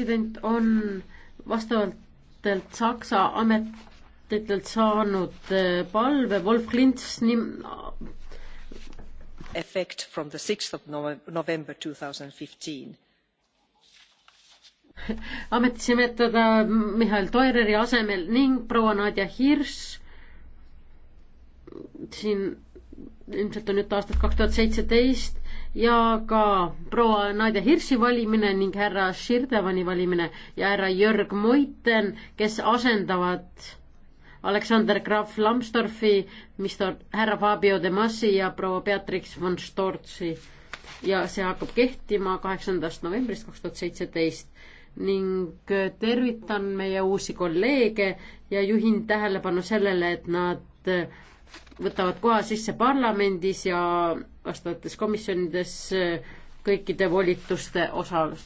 president on vastavatelt Saksa ametitelt saanud äh, palve Wolf Klints nim-. Effect from the sixth of November two thousand fifteen. ametisse nimetada Mihhail Toireri asemel ning proua Nadja Hirš. siin ilmselt on nüüd aastat kaks tuhat seitseteist ja ka proua Nadja Hirsi valimine ning härra Širdevani valimine ja härra Jörg Moiten, kes asendavad Aleksander Graf Lambsdorfi, mis ta, härra Fabio De Massi ja proua Beatrix von Storzi. ja see hakkab kehtima kaheksandast novembrist kaks tuhat seitseteist ning tervitan meie uusi kolleege ja juhin tähelepanu sellele, et nad nad võtavad koha sisse parlamendis ja vastavates komisjonides kõikide volituste osas